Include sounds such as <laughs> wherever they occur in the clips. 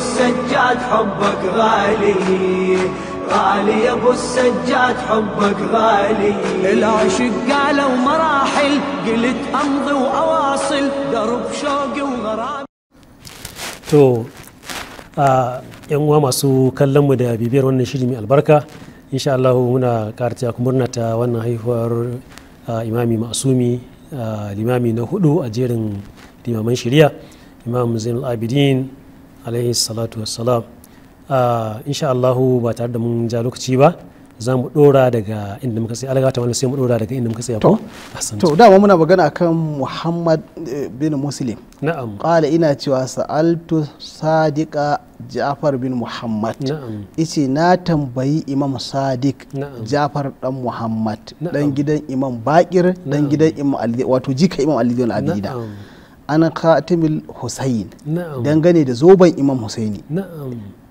السجاد حبك غالي غالي يا ابو السجاد حبك غالي العشق قالوا مراحل قلت امضي واواصل درب شوقي وغرام تو yan uwa masu kallon mu da bibiyar wannan shiri mai albarka insha Allah muna karatiya ku murna ta wannan haihuwar imami masumi limami na hudu a jerin limaman shari'a imam zainul abidin alaihi salatu wassalam ah, insha Allahu ba tare da mun ja lokaci ba za mu dora daga inda muka sai alagata wani sai mu dora daga inda muka sai ko to dama muna magana akan Muhammad eh, bin Muslim na'am qala ina cewa sa'altu sadiqa Ja'far bin Muhammad na'am ice na tambayi Imam Sadiq Ja'far dan Muhammad dan gidan Imam Bakir dan gidan Imam Ali wato jika Imam Ali bin Adida na'am an khatimil husayn dangane da zoben imam hussaini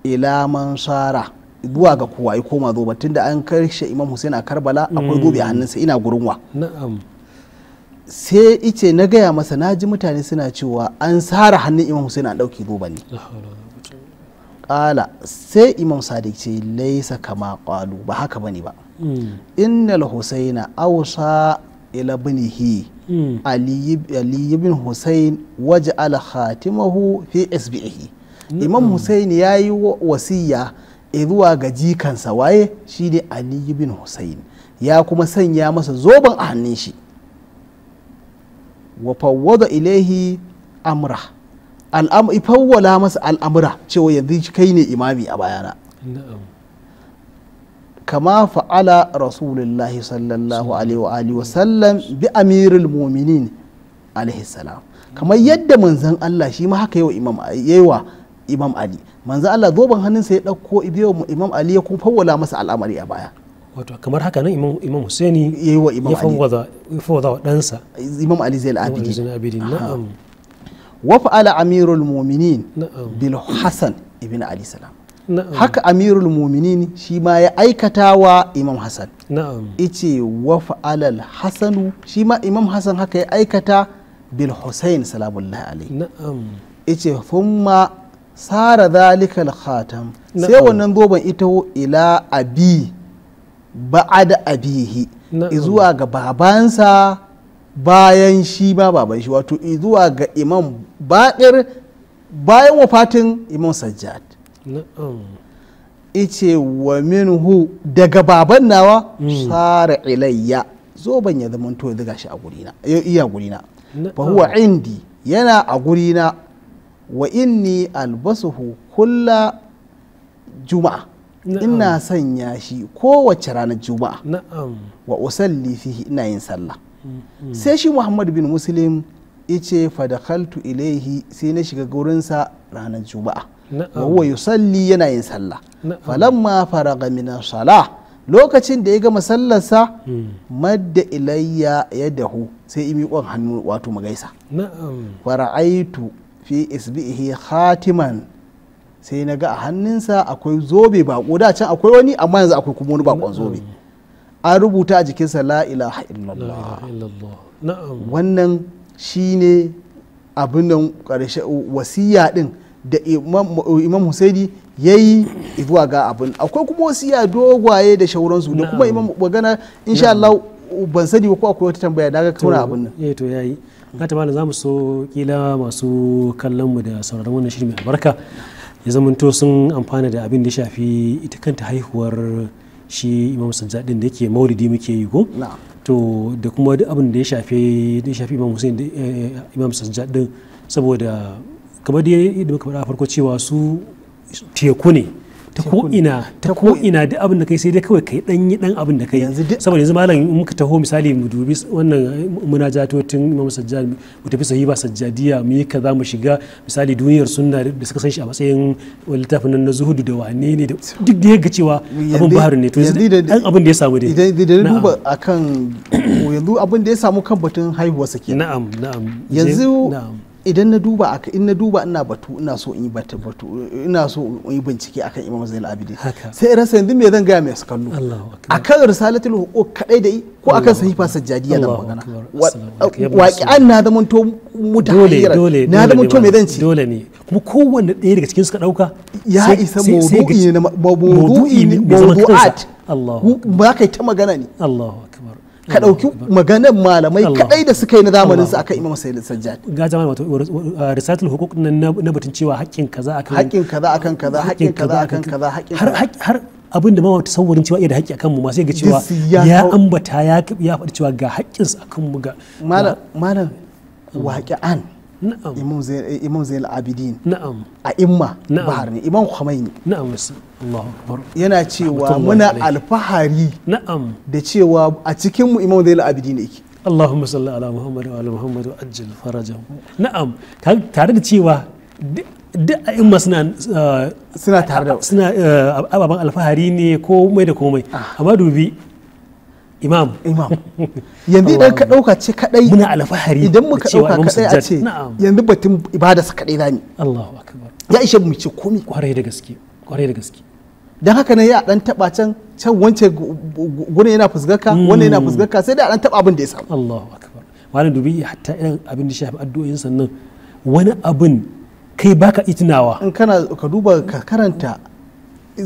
ila mansara zuwa ga kowa ya koma zoben tunda an karshe imam husaini a karbala akwai gobe mm. a hannunsa ina gurunwa sai ice na gaya masa na ji mutane suna cewa an sara hannun imam husaini a ɗauki zoben ne kala sai imam sadiq ce laisa kama kwalu ba haka bane ba mm. innal husaina awsa ila binihi Hmm. ali ibn hussein waje al khatimahu fi SBA. Hmm. imam hussein ya yi wasiya zuwa ga jikansa waye shi ne ali ibn hussein ya kuma sanya masa zoben a hannun shi wa fawwada ilaihi amra masa al'amura cewa yanzu kai ne imami a bayana kama fa'ala rasulullahi sallallahu alaihi wa sallam bi amirul mu'minin alaihi salam kamar yadda manzon Allah shi ma haka yawa imam Ali manzon Allah zoben hannunsa ya dauko ibiyo imam Ali ya kuma fawwala masa al'amari a baya wato kamar haka nan imam imam ya fawwala wa dansa imam Ali zai abidin wa fa'ala amirul mu'minin bil Hasan ibn haka amirul muminin shi ma ya aikata wa imam hassan ice wa fa'alal hasanu shi ma imam hassan haka ya aikata bil hussein salamullahi alaihi ice ma sara zalika khatam sai wannan zoben ita ila abi ba'ada abihi zuwa ga babansa bayan shi ma baban shi wato zuwa ga imam baƙir bayan wafatin imam sajjad ice wa minhu daga baban nawa hmm. sara ilayya ban ya zama to daga shi a gurina iya gurina fa huwa indi yana a gurina wa inni albasuhu kulla juma'a ina sanya shi kowace ranar juma'a wa usalli fihi ina yin sallah hmm, hmm. sai shi muhammad bin muslim ice fadakaltu ilaihi sai na shiga gurinsa ranar juma'a wa yusalli yana yin sallah falamma faraga min salah lokacin da ya gama sallarsa hmm. madda ilayya ya dahu sai imi kwan hannu wato magaisa fara'aitu fi isbihi khatiman sai na ga a hannunsa akwai zobe bako da can akwai wani amma yanzu akwai kuma wani bakon zobe an rubuta a sa la ilaha illallah wannan shine abin nan wasiya din da imam husaini ya yi zuwa ga abin akwai kuma wasu ya dogwaye da shauransu da kuma imam magana insha Allah ban sani ko akwai wata tambaya da ga kauna abin nan eh to yayi gata malam zamu so kila masu kallon mu da sauraron wannan shirin mai albarka ya zamanto sun amfana da abin da shafi ita kanta haihuwar shi imam sajjadin da yake maulidi muke yi ko to da kuma abin da ya shafi da shafi imam husain eh, imam saboda kamar da yadda muka faɗa farko cewa su teku ne ta ko ina ta ko ina abin da kai sai dai kawai kai dan yi dan abin da kai saboda yanzu malam muka taho misali mu dubi wannan munajatotin Imam Sajjad mu tafi sahiba sajjadiya mu yi kaza mu shiga misali duniyar sunna da suka san shi a matsayin littafin nan na zuhudu da wane ne duk da yaga cewa abin bahar ne to dan abin da ya samu dai idan da duba akan yanzu abin da ya samu kan batun haihuwa sake na'am na'am yanzu idan na duba aka in na duba ina batu ina so in yi batu ina so in yi bincike akan Imam zainal Abidin sai rasa yanzu me zan gaya mai su kallo akan risalatul huquq kadai da ko akan sahifa sajjadiya da magana waki an na zaman to mutahira na zaman to me zan ci dole ne kuma kowanne ɗaya daga cikin suka dauka ya isa mawdu'i ne mawdu'i ne mawdu'at Allah ba kai ta magana ne Allahu ka ɗauki maganar malamai kaɗai da suka yi na zamanin su akan imam sayyid sajjad ga zaman wato risatul uh, hukuk na batun cewa haƙƙin kaza akan haƙƙin kaza akan kaza haƙƙin kaza akan kaza har har abin da mawata saurin cewa da haƙƙi akan mu ma sai ga cewa ya ambata ya faɗi cewa ga su akan mu ga malam malam waƙi'an imam zain abidin a imma bahar ne imam khomeini yana cewa muna alfahari da cewa a cikinmu imam zain abidin yake Allahumma salli ala Muhammad wa ala Muhammad wa ajjal farajahu na'am tare da cewa duk a imma suna uh, suna tare da suna uh, ababen alfahari ne komai da komai ah. amma dubi imam imam <laughs> yanzu idan ka dauka ce kadai muna alfahari idan muka dauka kadai a ce yanzu batun ibada sa kadai zamu Allahu akbar ya ishe mu ce komai kwarai da gaske kwarai da gaske dan haka ne ya dan taba can can wance gune yana fuskarka hmm. wannan yana fuskarka sai da dan taba abin da ya samu Allahu akbar wani dubi hatta irin abin da shafi addu'o'in sannan wani abin kai baka itinawa in kana ka duba ka karanta Eh,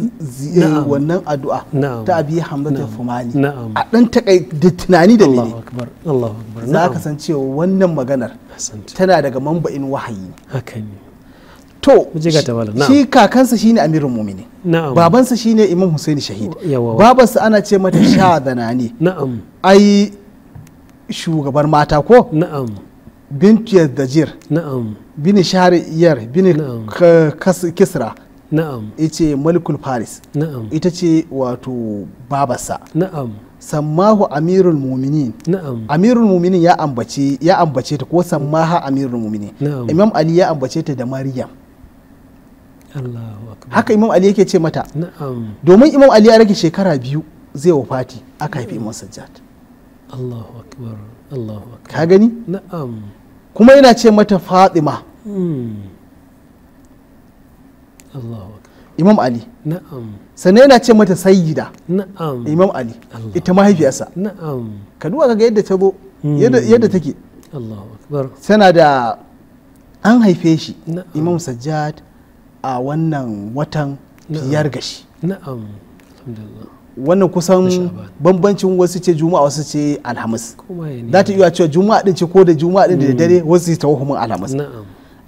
wannan addu'a ta abi hamdatul fumani a dan takai da tunani da mene za ka san cewa wannan maganar tana daga mamba'in wahayi to shi kakansa shine amirul mu'minin babansa shine imam husaini shahid babansa ana ce mata <coughs> shadana ne ai shugabar mata ko bintu yadda jir bin shariyar bin kisra na'am yace malikul faris na'am ita ce wato babarsa na'am sammahu amirul muminin na'am amirul muminin ya ambace ya ambace ta ko sammaha amirul muminin na'am imam ali ya ambace ta da maryam haka imam ali yake ce mata na'am domin imam ali ya rage shekara biyu zai wafati aka haifi imam sajjad Allahu akbar Allahu akbar ka gani na'am kuma yana ce mata fatima mm. imam ali na'am sannan yana ce mata sayyida na'am imam ali ita mahaifiyarsa na'am ka duba kaga yadda ta bo hmm. yadda take Allahu akbar tana da an haife shi imam sajjad a wannan watan biyar gashi na'am alhamdulillah wannan kusan bambancin wasu ce juma'a wasu ce alhamis za ta iya cewa juma'a din ce ko da juma'a din da hmm. dare wasu ta wahumin alhamis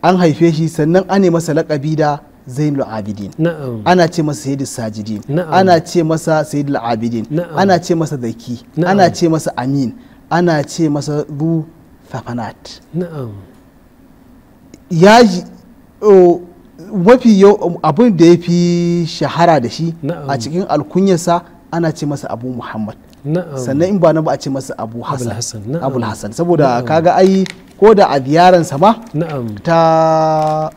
an haife shi sannan an masa laƙabi da zainul abidin ana ce masa sayyidul sajidin ana ce masa sayyidul abidin ana ce masa zaki ana ce masa amin ana ce masa zu fafanat ya mafi yau abin da ya fi shahara da shi a cikin alkunyarsa ana ce masa abu muhammad sannan in ba na ba a ce masa abu hassan hassan saboda kaga ai ko da a ziyaransa ma ta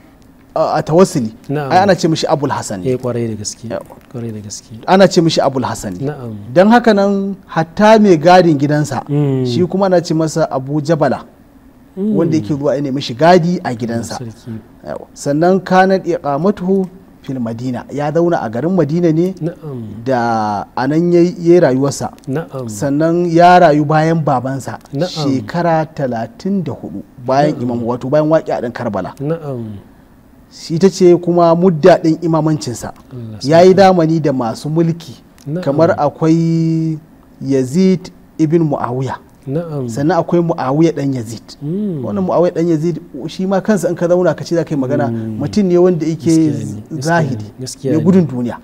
a tawassuli ai ana ce mishi abul hasani eh kwarai da gaske kwarai da gaske ana ce mishi abul hasani na'am dan haka nan hatta mai gadin gidansa hmm. shi kuma ana ce masa abu jabala hmm. wanda yake zuwa ne mishi gadi a gidansa sannan kanat iqamatuhu fil madina ya zauna a garin madina ne da anan yayi yayi rayuwarsa sannan ya rayu bayan babansa shekara 34 bayan imam wato bayan waki a dan karbala shi ta ce kuma mudda ɗin imamancinsa ya yi damani da masu mulki kamar akwai yazid ibn mu'awiya sannan akwai mu'awiya dan yazid hmm. wannan mu'awiya dan yazid shi ma kansa in ka zauna ka ce za ka yi magana hmm. mutum ne wanda yake zahidi mai gudun duniya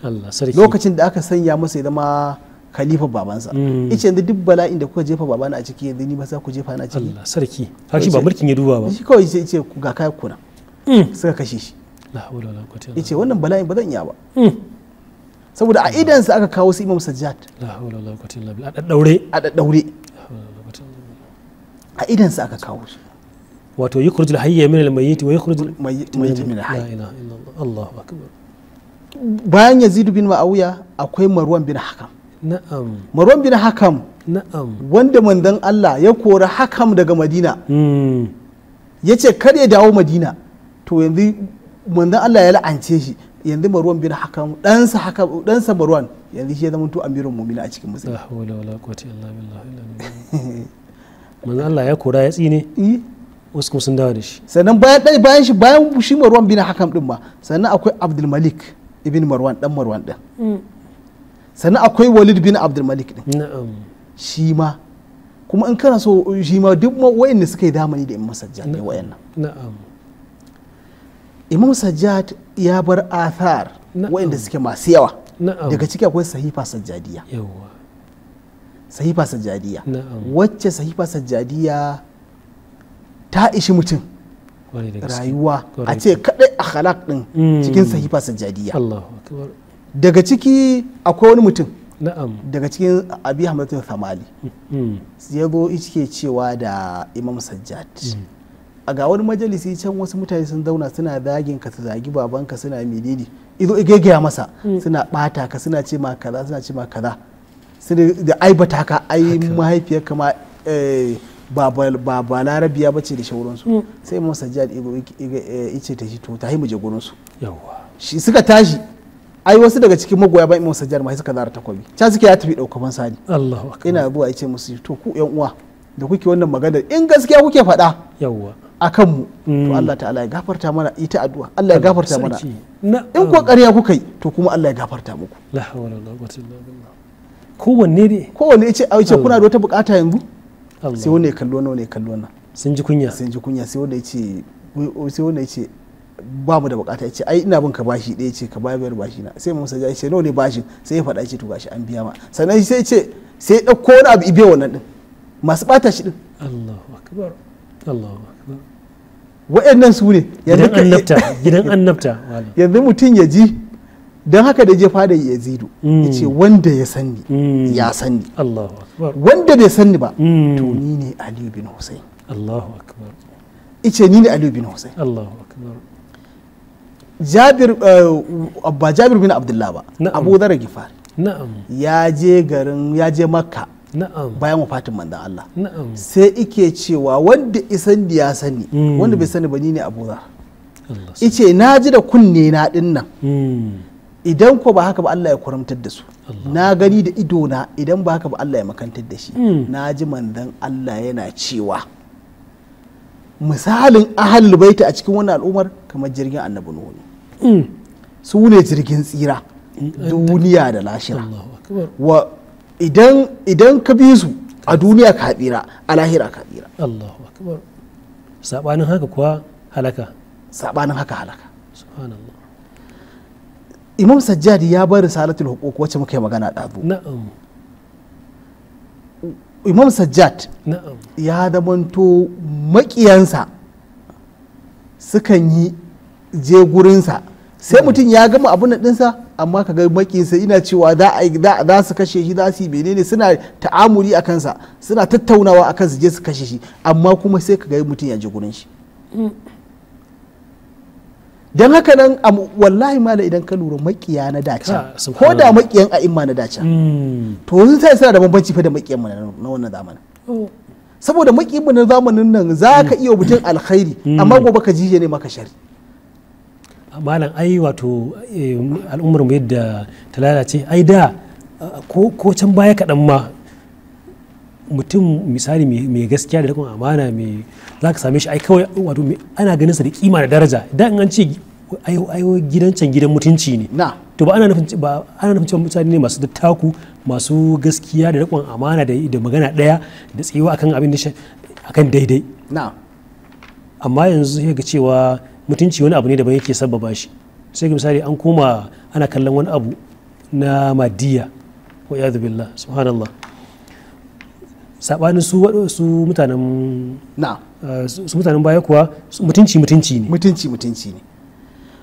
lokacin da aka sanya masa ya zama khalifa babansa ice hmm. yanzu duk bala'in da kuka jefa babana a ciki yanzu ni ba za ku jefa na ciki Allah sarki ba mulkin ya duba ba shi kawai ce ga kai kuna Mm. suka kashe shi ya ce wannan bala'in ba zan iya ba mm. saboda a idansa aka kawo su imam sajjad a daddaure a idansa aka kawo su wato yi kurjul hayya min almayyit yi kurjul mayyit min alhayy Allahu akbar bayan yazidu bin ma'auya akwai marwan bin hakam marwan bin hakam wanda mandan Allah ya kora hakam daga madina mm. yace kar ya dawo madina to yanzu manzon Allah ya la'ance shi yanzu Marwan bin Hakam ɗansa Hakam ɗansa Marwan yanzu shi ya zama to amirin mumina a cikin musulmi la wala wala quwwata illa billah manzon Allah ya kora ya tsine eh. wasu kuma sun dawo da shi sannan bayan bayan shi bayan shi Marwan bin Hakam din ma sannan akwai Abdul Malik ibn Marwan dan Marwan din mm. sannan akwai Walid bin Abdul Malik din na'am shi ma kuma in kana so shi ma duk ne suka yi zamani da in masajjan ne wa'annan na'am imam sajjad ya bar athar waɗanda suke masu yawa daga ciki akwai sahifa sajjadiya sahifa sajjadiya wacce sahifa sajjadiya ta ishi mutum rayuwa a ce kadai a halak din mm. cikin sahifa sajjadiya daga ciki akwai wani mutum daga cikin abi hamdatu thamali mm. ya zo ke cewa da imam sajjad mm. a ga wani majalisi can wasu mutane sun zauna suna zagin ka su zagi babanka suna menene izo igegaya masa hmm. suna bata ka suna ce ma kaza suna ce ma kaza da aibata ka ai mahaifiyar kama eh, ba ba larabiya ba ce da shauransu hmm. sai mu sajjad eh, ice ta shi to ta mu je gurin su shi suka tashi ai wasu daga cikin magoya ba imam sajjad ma suka zara takobi ta suke ya tafi daukaban sani ina zuwa ice musu to ku yan uwa da kuke wannan magana in gaskiya kuke faɗa yawwa a kanmu to mm. Allah ta'ala ya gafarta mana ita addu'a Allah ya gafarta mana in kuwa um. ƙarya kuka yi to kuma Allah ya gafarta muku la hawla wala quwwata illa billah kowanne ne kowanne yace a yace kuna da um. wata bukata yanzu sai wanda ya kallo wanda ya kallo na sun ji kunya sun ji kunya sai wanda yace sai wanda yace ba mu da bukata yace ai ina bin ka bashi dai yace ka bayar bashi na sai mun saja yace nawa ne bashin sai ya faɗa yace to gashi an biya ma sannan sai yace sai ya ɗauko wani abu ibe wannan din masu bata shi din Allahu akbar Allahu wa'annan su ne yanzu mutum ya ji don haka da je fada ya zido mm. ya ce wanda ya sanni mm. ya sanni wanda bai sanni ba mm. to ni ne aliyu bin hussein Allahu akbar ice ni ne aliyu bin hussein Allahu akbar jabir eh, ba jabir bin abdullah ba abu zara gifar ya je garin ya je makka bayan wafatin manzan Allah sai ike cewa wanda isan da ya sani hmm. wanda bai sani ba ne Abu za ice na ji da kunne na din nan hmm. idan ko ba haka ba Allah ya kuramtar da su na gani da ido na idan ba haka ba Allah ya makantar da shi hmm. na ji manzan Allah yana cewa misalin ahal baita a cikin wannan al'ummar kamar jirgin annabi nuhu su ne jirgin tsira duniya da lashira idan ka bi su a duniya ka haɗira a lahira ka haɗira Allahu akbar sabanin haka kuwa halaka sabanin haka halaka subhanallah imam sajjadi ya bar risalatul huquq wacce muka yi magana ɗazu na'am imam sajjad na'am ya zamanto makiyansa sukan yi je gurinsa sai hmm. mutum ya gama abun nan dinsa amma ka ga makinsa ina cewa za su kashe shi za su yi menene suna ta'amuli a kansa suna tattaunawa a kansa je su kashe shi amma kuma sai ka ga mutum ya je gurin shi hmm. don haka nan wallahi mala idan ka lura makiya na dace ko da makiyan a imma na dace hmm. to yanzu sai suna da bambanci fa da makiyan mu na wannan zamanin oh. saboda makiyan mu na zamanin nan zaka iya mutum alkhairi amma gobe ka jije ne maka shari malam ai wato eh, al'ummar mu yadda ta lalace ai da ko can baya kaɗan ma mutum misali mai gaskiya da rikon amana mai za ka same shi ai kawai wato ana ganin da kima da daraja da an ce ayo gidan can gidan mutunci ne to ba ana nufin cewa mutane ne masu dattaku masu gaskiya da rikon amana da magana daya da tsayuwa akan abin da akan daidai amma yanzu ga cewa mutunci wani abu ne da ba yake sabbaba shi sai ga misali an koma ana kallon wani abu na madiya wa yadu billah subhanallah sabanin su su mutanen na eh, su mutanen baya kuwa mutunci mutunci ne mutunci mutunci ne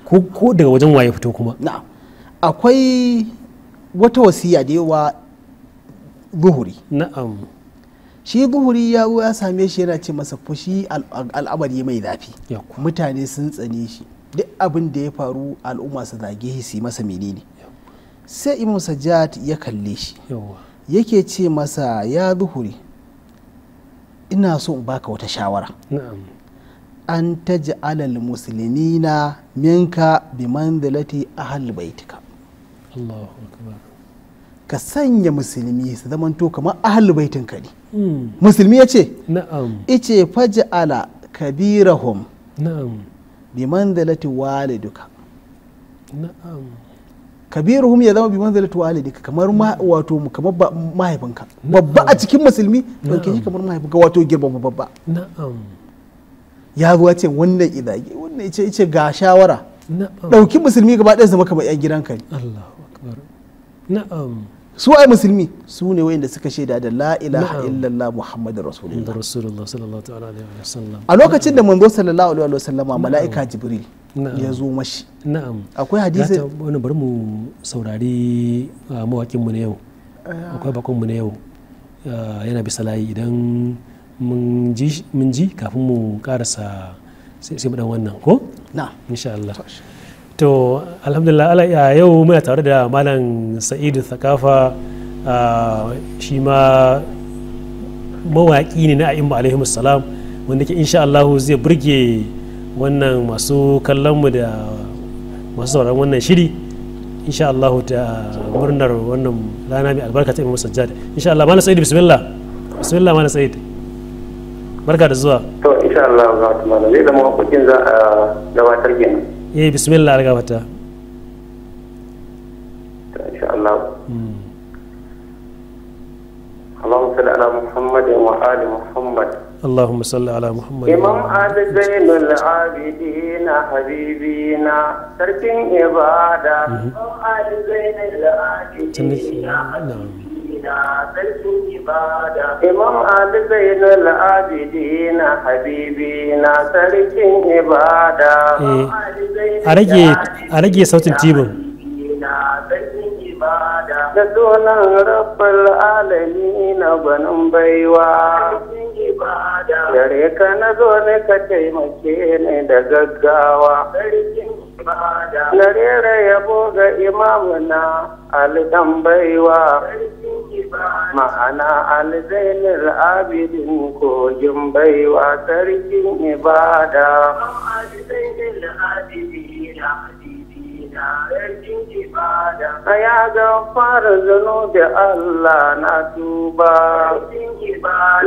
ko ko daga wajen waye fito kuma na akwai wata wasiya da yawa buhuri. na'am shi zuhuri ya ya same shi yana ce masa fushi al'amari mai zafi mutane sun tsane shi duk abin da ya faru al'umma su zage shi masa menene sai imam sajjad ya kalle shi yake ce masa ya zuhuri ina so in baka wata shawara an taje alal musulmina minka bi manzilati ahal baitika Allahu akbar ka sanya musulmi su zamanto kamar ahalu baitin kadi hmm. musulmi ya ce na'am ice faji ala kabirahum na'am bi manzalati waliduka na'am hum ya zama bi manzalati duka kamar hmm. wato kamar mahaifinka babba a cikin musulmi dauke shi kamar mahaifinka wato girma babba na'am ya zuwa ce wannan idage wannan ice ce ga shawara dauki musulmi gaba ɗaya zama kamar yan gidan ne Allahu na'am su ai musulmi su ne wayanda suka shaida da la ilaha illallah muhammadur rasulullah rasulullah sallallahu alaihi wa sallam a lokacin da manzo sallallahu alaihi wa sallama mala'ika jibril ya zo mashi na'am akwai hadisi wani bari mu saurari ah, mawakin mu na yau ah. akwai bakon mu na yau ah, yana bisa layi idan mun ji kafin mu karasa sai mu dan wannan ko na'am insha Allah to alhamdulillah a yau muna tare da malam sa'idu thakafa shi ma mawaƙi ne na a'imma alaihi salam wanda ke insha Allah zai burge wannan masu kallonmu da masu sauran wannan shiri insha Allah da murnar wannan rana mai albarka ta imamu sajjad insha Allah malam sa'idu bismillah bismillah malam sa'idu barka da zuwa to insha Allah za ta malam zai zama hukuncin za a gabatar kenan yi eh, bismillah alga fata insha Allah hmm. Allahumma ala Muhammad اللهم صل على محمد إمام العابدين حبيبينا تركين عبادة إمام Imam Ali Zainul Abidina Habibina sarkin ibada. Eh, a rage sautin tibin. Da sunan rabbal alami na gwanin baiwa. Dare ka na zo ne ka taimake ne da gaggawa. Na rera yabo ga imamuna Ali baiwa. ma'ana alzainar abidin kogin baiwa sarkin ibada ya gafara zano da Allah na tuba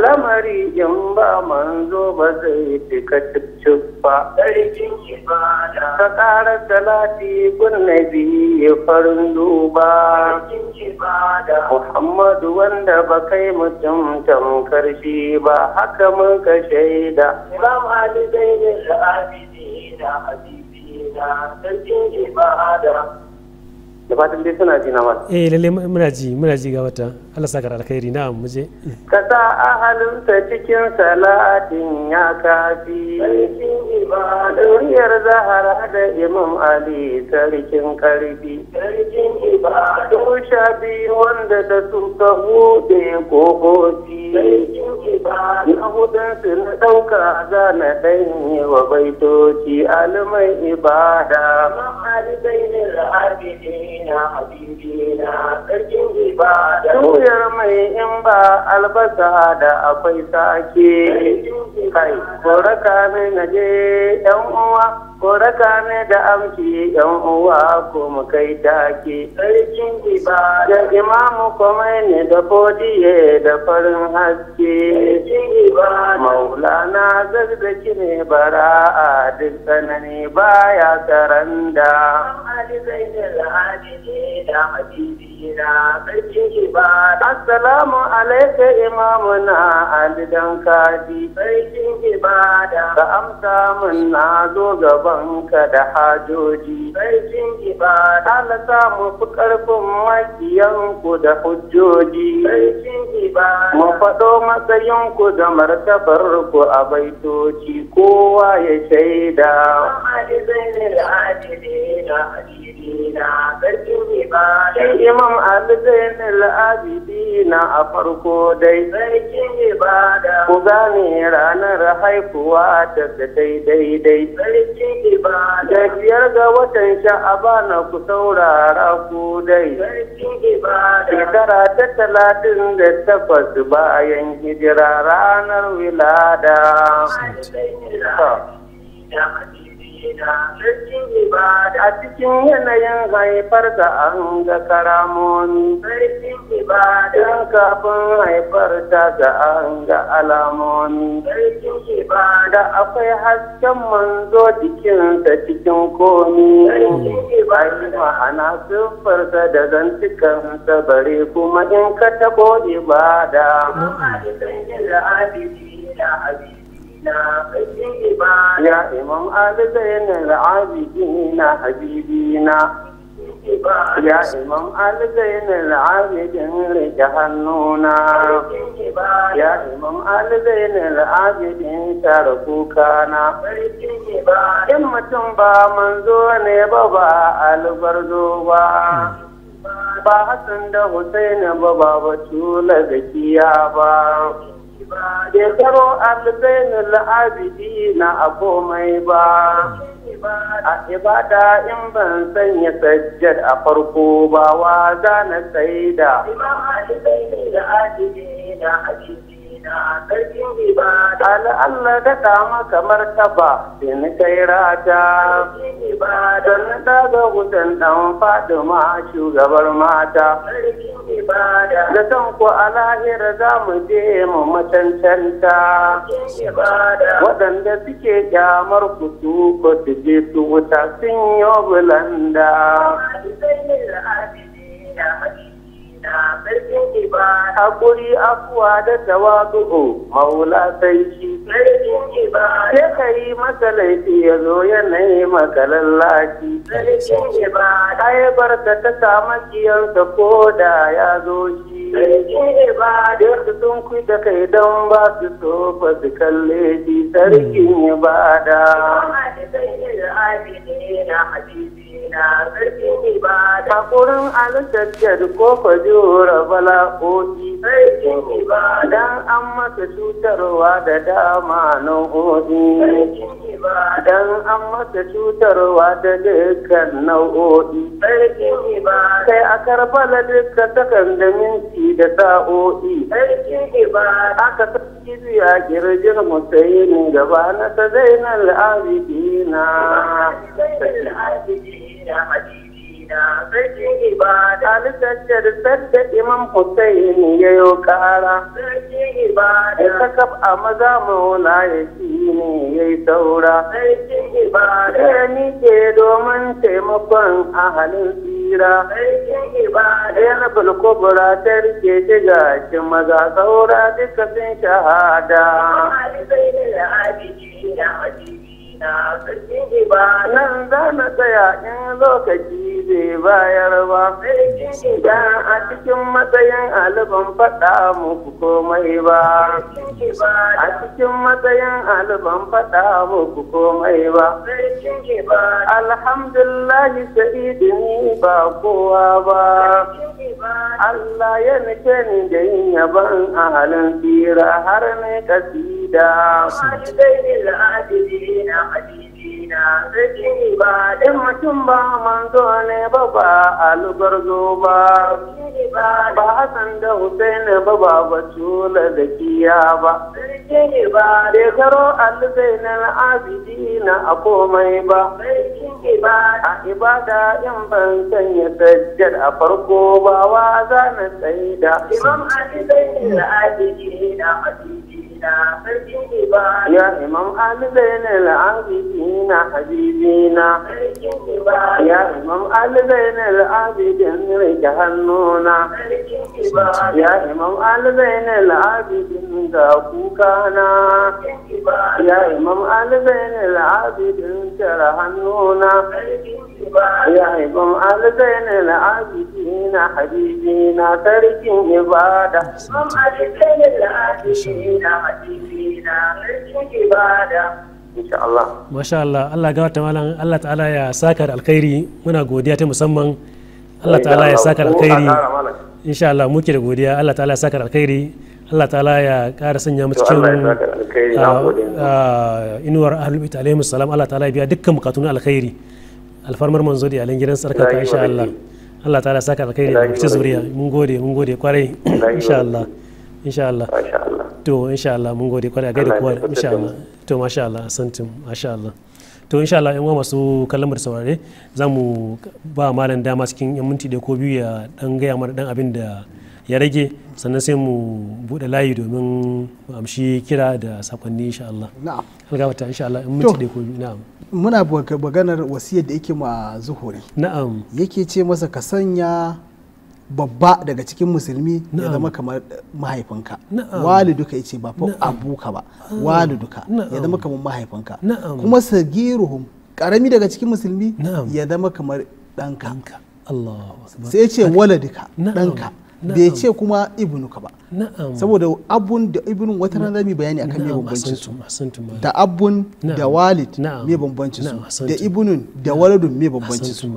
lamari in ba manzo ba zai fi ka ba ka ƙara salati kunna biyu farin duba Muhammadu wanda ba kai mutum tamkar shi ba haka mun ka shaida Imam Ali zai da Abidi da abidi. da ɗan da ma'ada da fatan dai suna ji na eh lalle muna ji muna ji ga wata Allah saka da alkhairi na mu je ka sa ahalin sa cikin salatin ya kafi duniyar zahara da imam ali sarkin karbi. sarkin ibadu shafi wanda da su ka hude kofofi na hudun su na dauka za na danyi wa baitoci alimai ibada bai ne ne. na habibina sarkin ibada. Juyar mai in ba albasa da akwai sake. kai ko raka min yan uwa ko raka da amci yan uwa ko mu kai take sarkin ibada da imamu komai ne da fodiye da farin haske maulana zazzaki ne a duk tsanani baya karanda Ali da Assalamu alaika imamuna Ali dan sarki ibada ka amsa min na zo gaban ka da hajoji sarkin ibada ala samu fi karfin makiyan ku da hujjoji sarkin ibada mu faɗo matsayin ku da martabar ku a baitoci kowa ya shaida Imam Ali Zainul Abidina a farko dai, Sarkin Ibada, ku gane ranar haifuwa da daidai. Da biyar ga watan sha'abana ku saurara ku dai. Shekara ta talatin da takwas bayan hijira ranar wilada. a cikin yanayin haifar da an ga karamomi sarkin ibada kafin haifar ta da an ga alamomi ibada akwai hasken manzo jikinsa cikin komi sarkin ma'ana siffarsa da zantukansa bare kuma in ka tabo ibada da abidi يا إمام آل زين العابدين حبيبينا يا إمام آل زين العابدين لجهنونا يا إمام آل زين العابدين تركوكانا إن متنبا منزون بابا البردوبا ba Hassan da Hussein ba ba batula gakiya ba Ba ya taro albainin la'abidi na komai ba a ibada in ban sanya sajjar a farko ba wa za na a da Ala Allah ta kama kamar taba da ni kai rata. Don na daga wutan faɗi ma shugabar mata. Da san ku a za mu je mu matancanta. Waɗanda suke kyamar ku su ko su je su wuta sun yi bulanda. Hakuri afuwa da tawadu'u maula sai shi. Sai ka yi masa laifi ya zo ya nai maka ba ta ta sama kiyansa ko da ya zo shi. Yadda sun kuyi da kai don ba su so ba su kalle shi sarkin ibada. Sarkin ibada. haƙurin alittattar ko bala bala'o'i dan an masa cutarwa da dama nau'o'i dan an masa cutarwa da dukkan nau'o'i kai a karbala duka takan da minti da sa'o'i aka sarki zuwa girgin musayin gaba na ta zainal abidina gida sarkin ibada sadda imam hussein ya yi kara ibada ya kakaf a maza mauna ya shi ne ya yi saura sarkin ibada ya nike domin taimakon halin tsira sarkin ibada ya rabul kubra ta rike shi gashin maza saura duka sun shahada. Nan za na tsaya in lokaci bai bayar ba, a cikin matsayin alifan faɗa muku komai ba. A cikin matsayin alifan faɗa muku komai ba. Alhamdulillahi sa'idu ni ba kowa ba. Allah ya nike ni da yin yaban a halin tsira har ne kasi شديدا والدين العادلين قديدين سجني بعد mutum ba manzo ne ba ba albarzo ba ba Hassan da Hussein ba ba batula da kiya ba shekaro alzainar abidi na a komai ba a ibada 'yan ban sanya sajjar a farko ba wa za na tsaida imam alzainar abidi na abidi يا إمام أهل بين العابدين حبيبينا يا إمام أهل بين العابدين رجهنونا يا إمام أهل بين العابدين داكوكانا يا إمام أهل بين العابدين ترهنونا يحكم البين العابدين حبيبنا ترك عبادة البين العابدين حبيبنا ترك عبادة insha Allah. Masha Allah, Allah ga wata malam Allah ta'ala ya saka da alkhairi muna godiya ta musamman Allah ta'ala ya saka da alkhairi. Insha Allah muke da godiya Allah ta'ala ya saka da alkhairi. Allah ta'ala ya ƙara sanya mu cikin inuwar ahlul bait alaihi salam Allah ta'ala ya biya dukkan bukatun alkhairi. alfarmar manzo da iyalan gidan ka insha Allah Allah ta'ala saka alkhairi da barci zuriya mun gode mun gode kwarai insha Allah insha Allah to insha Allah mun gode kwarai gaida kowa insha Allah to masha Allah asantum masha Allah to insha Allah yan masu kallon da saurare za mu ba malam dama cikin yan minti da ko biyu ya dan gaya mana dan abin da ya rage sannan sai mu bude layi domin mu amshi kira da sakonni insha Allah na'am algafata insha Allah in mun ko na'am muna maganar wasiyar da yake ma zuhuri na'am yake ce masa ka sanya babba daga cikin musulmi ya zama kamar mahaifinka waliduka yace ba fa abuka ba ah. waliduka ya zama kamar mahaifinka kuma sagiruhum karami daga cikin musulmi ya zama kamar Allah sai ce waladika danka. bai ce kuma ibnu ka ba saboda abun da ibnu wata rana mai bayani akan me bambancin su da abun da walid me bambancin su da ibnun da waladun me bambancin su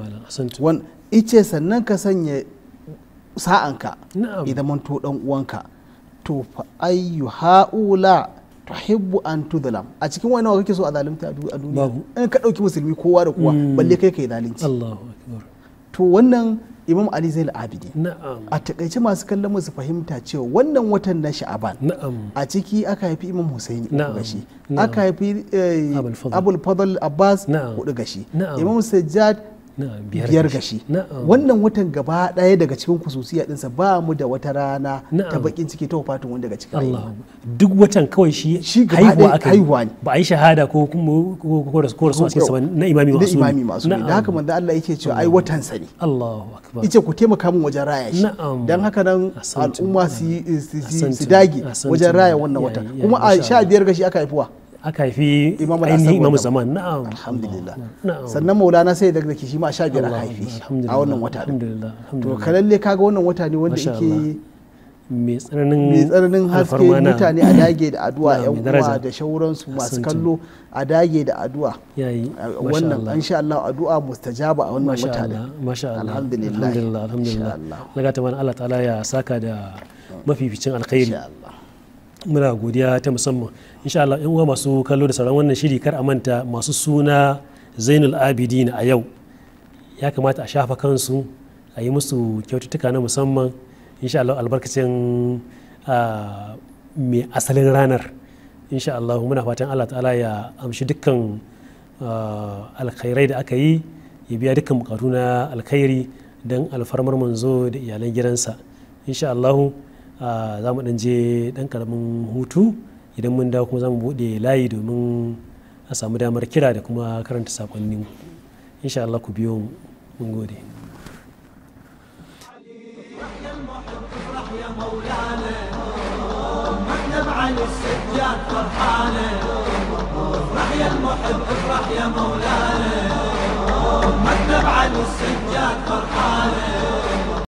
wan ice sannan ka sanya sa'anka idan manto dan uwanka to fa ayu haula tuhibbu an tudlam a cikin wani kake so a zalunta a duniya in ka dauki musulmi kowa da kowa hmm. balle kai kai zalunci to wannan imam ali zai abidi a takaice masu kallon mu su fahimta cewa wannan watan na sha'aban a ciki aka haifi imam husaini uku gashi aka haifi eh, abul fadl abbas hudu gashi imam sajjad biyar gashi wannan watan gaba ɗaya daga cikin kususiya ɗinsa ba mu da wata rana ta bakin ciki ta wafatin wani daga cikin duk watan kawai shi haihuwa aka yi ba a yi shahada ko kuma ko rasu a cikin sa na imami masu na imami masu da haka manzo Allah yake cewa ai watan sa ne Allahu akbar yace ku taimaka min wajen raya shi dan haka nan al'umma su su dage wajen raya wannan watan kuma a sha biyar gashi aka haifuwa aka haifi ainihin imamu zaman na'am alhamdulillah sannan maulana sai da kishi ma sha biyar aka haifi a wannan wata to kalalle kaga wannan wata ne wanda yake mai tsananin haske mutane a dage da addu'a yan uwa da su masu kallo a dage da addu'a wannan an sha Allah addu'a mustajaba a wannan wata ne alhamdulillah alhamdulillah Allah ta'ala ya saka da mafificin alkhairi muna godiya ta musamman insha Allah uwa masu kallo da sauran wannan shiri kar a manta masu suna zainul abidin a yau ya kamata a shafa kansu a yi musu kyaututtuka na musamman insha Allah albarkacin mai asalin ranar insha Allah muna fatan Allah ta'ala ya amshi dukkan alkhairai da aka yi ya biya dukkan bukatu na alkhairi don alfarmar manzo da iyalan gidansa insha Allah Ah, za mu je ɗan karamin hutu idan mun dawo kuma za mu bude layi domin a samu damar kira da kuma karanta saƙonnin insha Allah ku biyo mun gode يا مولانا